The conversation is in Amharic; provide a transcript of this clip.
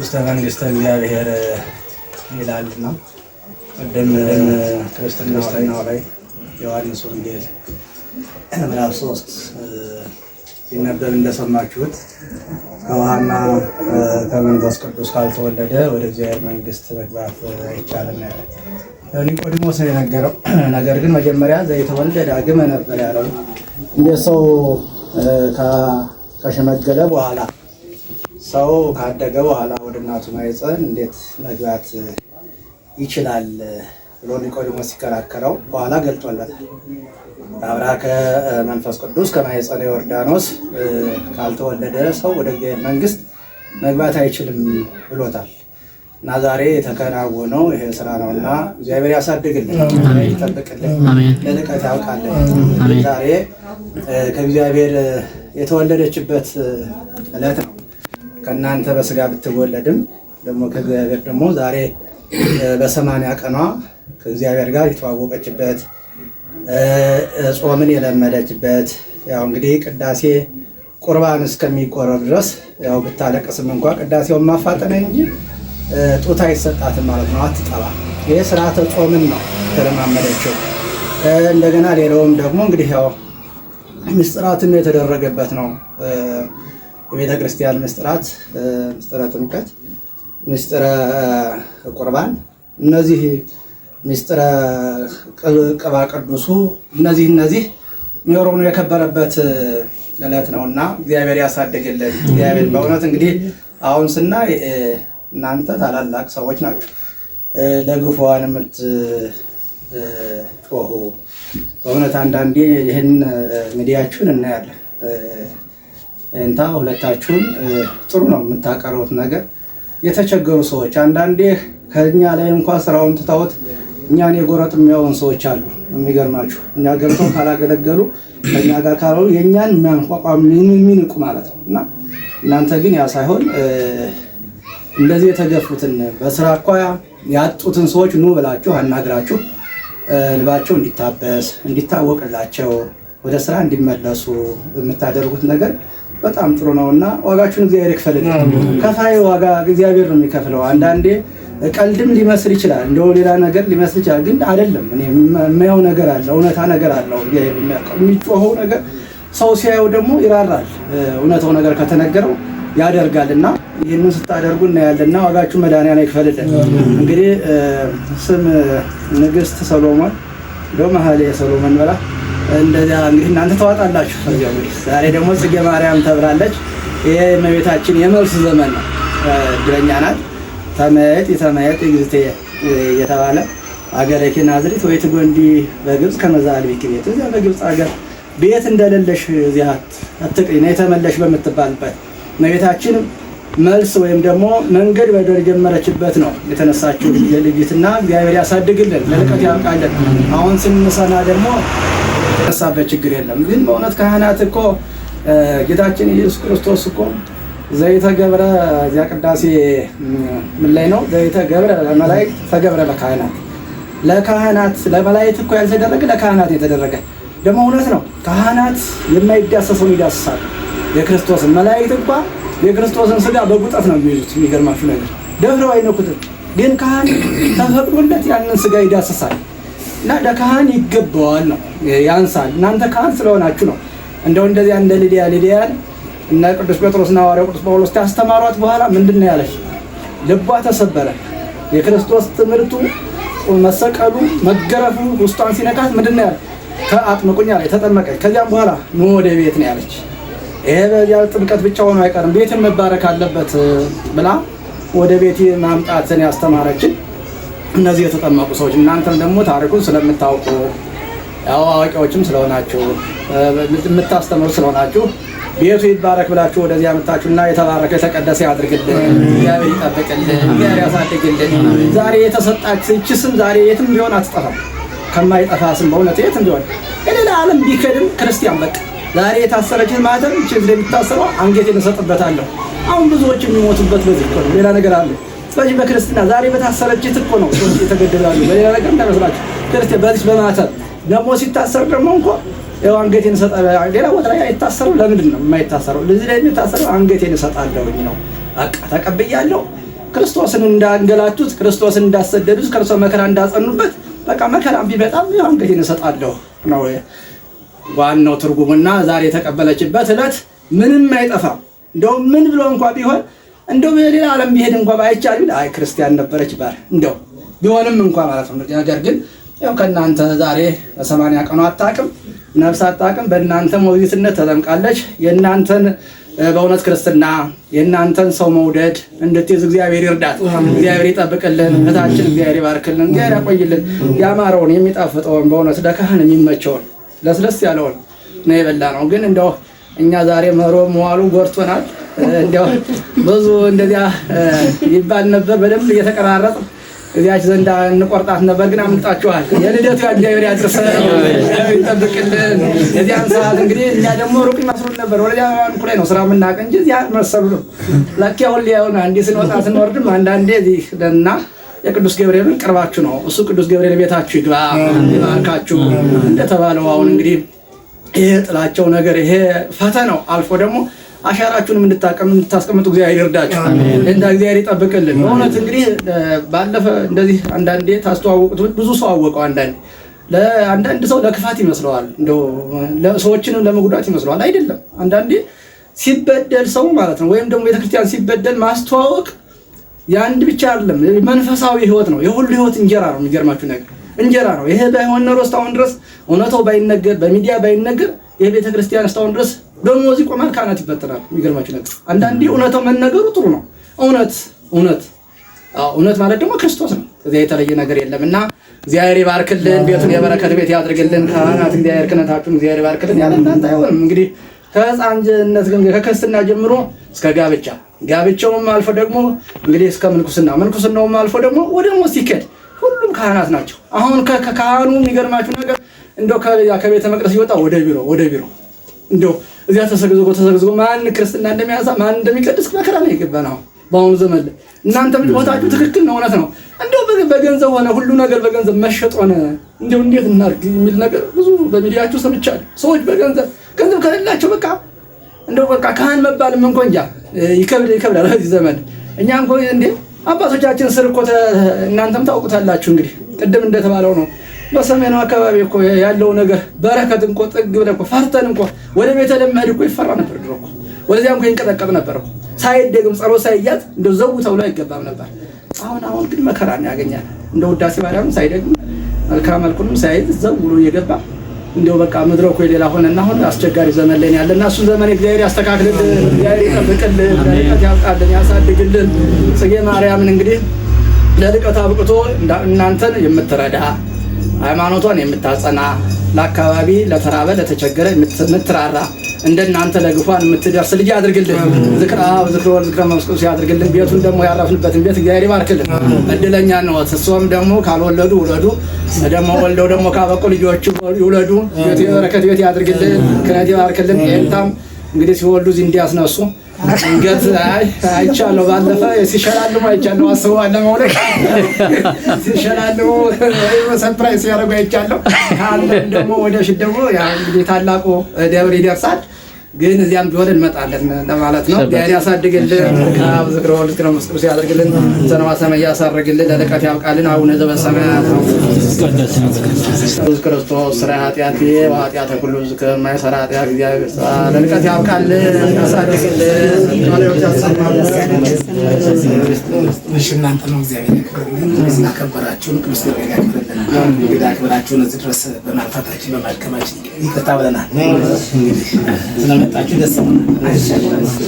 ውስተ መንግስተ እግዚአብሔር ይላል ይላልና ቅድም ክርስትናው ላይ ዮሐንስ ወንጌል ምዕራፍ ሶስት ሲነበብ እንደሰማችሁት ከውሃና ከመንፈስ ቅዱስ ካልተወለደ ወደ እግዚአብሔር መንግስት መግባት አይቻልም ያለ ኒቆዲሞስ ነው የነገረው። ነገር ግን መጀመሪያ ዘይተወልደ ዳግመ ነበር ያለው እንደ ሰው ከሸመገለ በኋላ ሰው ካደገ በኋላ ወደ እናቱ ማኅፀን እንዴት መግባት ይችላል ብሎ ኒቆዲሞስ ሲከራከረው በኋላ ገልጦለታል። አብራ ከመንፈስ ቅዱስ ከማኅፀነ ዮርዳኖስ ካልተወለደ ሰው ወደ እግዚአብሔር መንግስት መግባት አይችልም ብሎታል። እና ዛሬ የተከናወነው ይሄ ስራ ነው እና እግዚአብሔር ያሳድግልን፣ ይጠብቅልን፣ ለልቀት ያውቃልን። ዛሬ ከእግዚአብሔር የተወለደችበት ዕለት ነው። ከእናንተ በስጋ ብትወለድም ደግሞ ከእግዚአብሔር ደግሞ ዛሬ በሰማንያ ቀኗ ከእግዚአብሔር ጋር የተዋወቀችበት ጾምን የለመደችበት ያው እንግዲህ ቅዳሴ ቁርባን እስከሚቆረብ ድረስ ያው ብታለቅስም እንኳ ቅዳሴውን ማፋጠነ እንጂ ጡት አይሰጣትም ማለት ነው። አትጠባ። ይህ ስርዓተ ጾምን ነው ተለማመደችው። እንደገና ሌላውም ደግሞ እንግዲህ ያው ምስጢራትን የተደረገበት ነው። የቤተ ክርስቲያን ምስጢራት፣ ምስጢረ ጥምቀት፣ ምስጢረ ቁርባን፣ እነዚህ ምስጢረ ቅባ ቅዱሱ፣ እነዚህ እነዚህ ሚሮኑ የከበረበት እለት ነው እና እግዚአብሔር ያሳድግልን። እግዚአብሔር በእውነት እንግዲህ አሁን ስናይ እናንተ ታላላቅ ሰዎች ናቸው። ለግፏን የምትጮሁ በእውነት አንዳንዴ ይህን ሚዲያችሁን እናያለን። እንታ ሁለታችሁም ጥሩ ነው የምታቀርቡት ነገር። የተቸገሩ ሰዎች አንዳንዴ ከኛ ላይ እንኳ ስራውን ትተውት እኛን የጎረጥ የሚያውን ሰዎች አሉ። የሚገርማችሁ እኛ ገብተው ካላገለገሉ ከኛ ጋር ካልሆኑ የእኛን የሚያንቋቋም የሚንቁ ማለት ነው እና እናንተ ግን ያ ሳይሆን እንደዚህ የተገፉትን በስራ እኳ ያጡትን ሰዎች ኑ ብላችሁ አናግራችሁ ልባቸው እንዲታበስ እንዲታወቅላቸው ወደ ስራ እንዲመለሱ የምታደርጉት ነገር በጣም ጥሩ ነው እና ዋጋችሁን እግዚአብሔር ይክፈልል። ከፋይ ዋጋ እግዚአብሔር ነው የሚከፍለው። አንዳንዴ ቀልድም ሊመስል ይችላል፣ እንደው ሌላ ነገር ሊመስል ይችላል። ግን አይደለም። እኔ የማየው ነገር አለ፣ እውነታ ነገር አለው። እግዚአብሔር የሚጮኸው ነገር ሰው ሲያየው ደግሞ ይራራል። እውነታው ነገር ከተነገረው ያደርጋል እና ይህንን ስታደርጉ እናያለና ዋጋችሁ ነው ይክፈልልን። እንግዲህ ስም ንግስት ሰሎሞን ዶ መሀል ሰሎሞን በላ እንደዚያ እንግዲህ እናንተ ተዋጣላችሁ። ዛሬ ደግሞ ጽጌ ማርያም ተብላለች። ይሄ እመቤታችን የመልስ ዘመን ነው። እድለኛ ናት። ተመየጥ የተመየጥ ግዝቴ እየተባለ አገሬኪ ናዝሪት ወይ ትጎንዲ በግብፅ ከመዛል ቤት ቤት እዚያ በግብፅ ሀገር ቤት እንደሌለሽ እዚያ አትቅሪ ነው የተመለሽ በምትባልበት እመቤታችን መልስ ወይም ደግሞ መንገድ በደር ጀመረችበት ነው የተነሳችው የልጅትና እግዚአብሔር ያሳድግልን ለልቀት ያውቃለን። አሁን ስንሰና ደግሞ ሳበት ችግር የለም። ግን በእውነት ካህናት እኮ ጌታችን ኢየሱስ ክርስቶስ እኮ ዘይተ ገብረ እዚያ ቅዳሴ ምን ላይ ነው? ዘይተ ገብረ ለመላእክት ተገብረ ለካህናት ለካህናት ለመላእክት እኮ ያልተደረገ ለካህናት የተደረገ ደግሞ እውነት ነው። ካህናት የማይዳሰሰውን ይዳስሳሉ። የክርስቶስን መላእክት እንኳ የክርስቶስን ስጋ በጉጠት ነው የሚይዙት። የሚገርማችሁ ነገር ደፍረው አይነኩትም። ግን ካህን ተፈቅዶለት ያንን ስጋ ይዳስሳል። እና ለካህን ይገባዋል ነው ያንሳል። እናንተ ካህን ስለሆናችሁ ነው እንደው እንደዚያ እንደ ሊዲያ ሊዲያን እና ቅዱስ ጴጥሮስና ሐዋርያው ቅዱስ ጳውሎስ ካስተማሯት በኋላ ምንድን ነው ያለች? ልቧ ተሰበረ። የክርስቶስ ትምህርቱ መሰቀሉ፣ መገረፉ ውስጧን ሲነካት ምንድን ነው ያለ? ከአጥምቁኝ አለ ተጠመቀች። ከዚያም በኋላ ኑ ወደ ቤት ነው ያለች። ይሄ በዚያ ጥምቀት ብቻ ሆኖ አይቀርም ቤትን መባረክ አለበት ብላ ወደ ቤት ማምጣትን ያስተማረችን እነዚህ የተጠመቁ ሰዎች እናንተም ደግሞ ታሪኩን ስለምታውቁ ያው አዋቂዎችም ስለሆናችሁ የምታስተምሩ ስለሆናችሁ ቤቱ ይባረክ ብላችሁ ወደዚህ እና የተባረከ የተቀደሰ ያድርግልን፣ እግዚአብሔር ይጠብቅልን፣ እግዚአብሔር ያሳድግልን። ዛሬ የተሰጣች ይቺ ስም ዛሬ የትም ቢሆን አትጠፋም። ከማይጠፋ ስም በእውነት የትም ቢሆን የሌላ ዓለም ቢከድም ክርስቲያን በቃ ዛሬ የታሰረችን ማለትም ችግር የሚታሰረው አንገቴን እሰጥበታለሁ። አሁን ብዙዎች የሚሞቱበት በዚህ ሌላ ነገር አለ ስለዚህ በክርስትና ዛሬ በታሰረች እኮ ነው ሰዎች የተገደላሉ። በሌላ ነገር እንዳይመስላችሁ ክርስቲያን በዚህ በማተር ደግሞ ሲታሰር ደግሞ እንኳ ያው አንገቴን እሰጣለሁ። ሌላ ቦታ ላይ አይታሰሩ። ለምንድን ነው የማይታሰረው? ለዚህ ላይ የሚታሰረው አንገቴን እሰጣለሁኝ ነው። በቃ ተቀብያለሁ። ክርስቶስን እንዳንገላቱት፣ ክርስቶስን እንዳሰደዱት፣ ክርስቶስ መከራ እንዳጸኑበት በቃ መከራም ቢመጣም ያው አንገቴን እሰጣለሁ ነው ዋናው ትርጉምና ዛሬ የተቀበለችበት እለት ምንም አይጠፋም። እንደውም ምን ብሎ እንኳ ቢሆን እንደው በሌላ ዓለም ቢሄድ እንኳ ባይቻል ቢል አይ ክርስቲያን ነበረች ባር እንደው ቢሆንም እንኳ ማለት ነው። ነገር ግን ያው ከእናንተ ዛሬ በሰማንያ ቀኑ አታውቅም፣ ነፍስ አታውቅም። በእናንተ ሞግዚትነት ተጠምቃለች። የእናንተን በእውነት ክርስትና የእናንተን ሰው መውደድ እንድትይዝ እግዚአብሔር ይርዳት፣ እግዚአብሔር ይጠብቅልን፣ እህታችን እግዚአብሔር ይባርክልን፣ እግዚአብሔር ያቆይልን። ያማረውን የሚጣፍጠውን በእውነት ለካህን የሚመቸውን ለስለስ ያለውን ነው የበላ ነው። ግን እንደው እኛ ዛሬ መሮ መዋሉ ጎርቶናል እንደው ብዙ እንደዚያ ይባል ነበር። በደንብ እየተቀራረጥ እዚያች ዘንድ እንቆርጣት ነበር፣ ግን አምልጣችኋል። የልደቱ እግዚአብሔር ያድርሰን ይጠብቅልን። የዚያን ሰዓት እንግዲህ እኛ ደግሞ ሩቅ ይመስሉን ነበር። ወደዚያ ኩላይ ነው ስራ የምናውቅ እንጂ እዚያ መሰሉ ለኪ አሁን ሊያዩን አንዲ ስንወጣ ስንወርድም አንዳንዴ እዚህ ደና የቅዱስ ገብርኤልን ቅርባችሁ ነው እሱ ቅዱስ ገብርኤል ቤታችሁ ይግባ ይባርካችሁ። እንደተባለው አሁን እንግዲህ ይሄ ጥላቸው ነገር ይሄ ፈተናው አልፎ ደግሞ አሻራችሁን የምታስቀምጡ እግዚአብሔር ይርዳችሁ፣ እንዳ እግዚአብሔር ይጠብቅልን። በእውነት እንግዲህ ባለፈ እንደዚህ አንዳንዴ ታስተዋወቁት ብዙ ሰው አወቀው። አንዳንዴ ለአንዳንድ ሰው ለክፋት ይመስለዋል፣ እንደው ሰዎችንም ለመጉዳት ይመስለዋል። አይደለም። አንዳንዴ ሲበደል ሰው ማለት ነው ወይም ደግሞ ቤተክርስቲያን ሲበደል ማስተዋወቅ የአንድ ብቻ አይደለም፣ መንፈሳዊ ህይወት ነው። የሁሉ ህይወት እንጀራ ነው። የሚገርማችሁ ነገር እንጀራ ነው። ይሄ ባይሆን ኖሮ እስካሁን ድረስ እውነታው ባይነገር፣ በሚዲያ ባይነገር ይሄ ቤተክርስቲያን እስካሁን ድረስ በሙዚቃ መልክ አናት ይበተናል። የሚገርማችሁ ነገር አንዳንዴ እውነታው መነገሩ ጥሩ ነው። እውነት እውነት እውነት ማለት ደግሞ ክርስቶስ ነው። እዚያ የተለየ ነገር የለም እና እግዚአብሔር ይባርክልን፣ ቤቱን የበረከት ቤት ያድርግልን። ካህናት እግዚአብሔር ክህነታችሁን እግዚአብሔር ይባርክልን። ያለ እናንተ አይሆንም። እንግዲህ ከሕፃንነት ከክርስትና ጀምሮ እስከ ጋብቻ ጋብቻውም አልፎ ደግሞ እንግዲህ እስከ ምንኩስና ምንኩስናውም አልፎ ደግሞ ወደ ሞት ሲኬድ ሁሉም ካህናት ናቸው። አሁን ከካህኑ የሚገርማችሁ ነገር እንደው ከቤተ መቅደስ ይወጣ ወደ ቢሮ ወደ ቢሮ እንደው እዚያ ተሰግዝጎ ተሰግዝጎ ማን ክርስትና እንደሚያሳ ማን እንደሚቀድስ መከራ ነው የገባ ነው በአሁኑ ዘመን ላይ። እናንተ ምን ቦታችሁ ትክክል ነው፣ እውነት ነው። እንደው በገንዘብ ሆነ ሁሉ ነገር በገንዘብ መሸጥ ሆነ እንደው እንዴት እናርግ የሚል ነገር ብዙ በሚዲያችሁ ሰምቻለሁ። ሰዎች በገንዘብ ገንዘብ ከሌላቸው በቃ እንደው በቃ ካህን መባልም እንኳ እንጃ ይከብድ ይከብዳል በዚህ ዘመን። እኛ እንኳ እንዴ አባቶቻችን ስር እኮ እናንተም ታውቁታላችሁ እንግዲህ ቅድም እንደተባለው ነው በሰሜኑ አካባቢ እኮ ያለው ነገር በረከት እንኳ ጥግ ብለህ እኮ ፈርተን እንኮ ወደ ቤተ ለመሄድ እኮ ይፈራ ነበር ድሮ እኮ ወደዚያ እንኮ ይንቀጠቀጥ ነበር እኮ ሳይደግም ጸሎት ሳይያዝ እንደው ዘው ተብሎ አይገባም ነበር። አሁን አሁን ግን መከራ ነው ያገኛል። እንደ ውዳሴ ማርያም ሳይደግም መልካም መልኩንም ሳይዝ ዘው ብሎ እየገባ እንደው በቃ መድረኩ የሌላ ሆነና አሁን አስቸጋሪ ዘመን ላይ ያለና እሱን ዘመን እግዚአብሔር ያስተካክልልን፣ እግዚአብሔር ይጠብቅልን፣ ለርቀት ያብቃልን፣ ያሳድግልን። ጽጌ ማርያምን እንግዲህ ለርቀት አብቅቶ እናንተን የምትረዳ ሃይማኖቷን የምታጸና ለአካባቢ ለተራበ ለተቸገረ የምትራራ እንደናንተ ለግፏን የምትደርስ ልጅ አድርግልን። ዝክረ አብ ዝክረ ወልድ ዝክረ መስቁስ ያድርግልን። ቤቱን ደግሞ ያረፍንበትን ቤት እግዚአብሔር ይባርክልን። እድለኛ ነው። እሷም ደግሞ ካልወለዱ ውለዱ፣ ደግሞ ወልደው ደግሞ ካበቁ ልጆቹ ይውለዱ። የበረከት ቤት ያድርግልን። ክነት ይባርክልን። ይህንታም እንግዲህ ሲወልዱ እዚህ እንዲያስነሱ ድንገት አይቻለሁ። ባለፈ ሲሸላልሙ አይቻለሁ። አስበው አለመውለቅ ሲሸላልሙ ሰፕራይዝ ሲያደርጉ አይቻለሁ። ካለም ደግሞ ወደፊት ደግሞ እንግዲህ ታላቁ ደብር ይደርሳል። ግን እዚያም ቢሆን እንመጣለን ለማለት ነው። ያን ያሳድግልን፣ ዝክረ ወልድ ነው መስቅዱስ ያደርግልን፣ ዘነዋ ሰማይ ያሳርግልን፣ ለልቀት ያብቃልን። አቡነ ዘበሰማያት ኢየሱስ ክርስቶስ ስራ ኃጢአት ኃጢአት ሁሉ ማይሰራ ኃጢአት እግዚአብሔር ለልቀት ያብቃልን፣ ያሳድግልን። እናንተ ነው እግዚአብሔር ያክብርልን። ስላከበራችሁን ክርስቶስ ያክብርልን። እንግዳ አክብራችሁን እዚህ ድረስ በማልፋታችን በማድከማችን ይቅርታ ብለናል። ስለመጣችሁ ደስ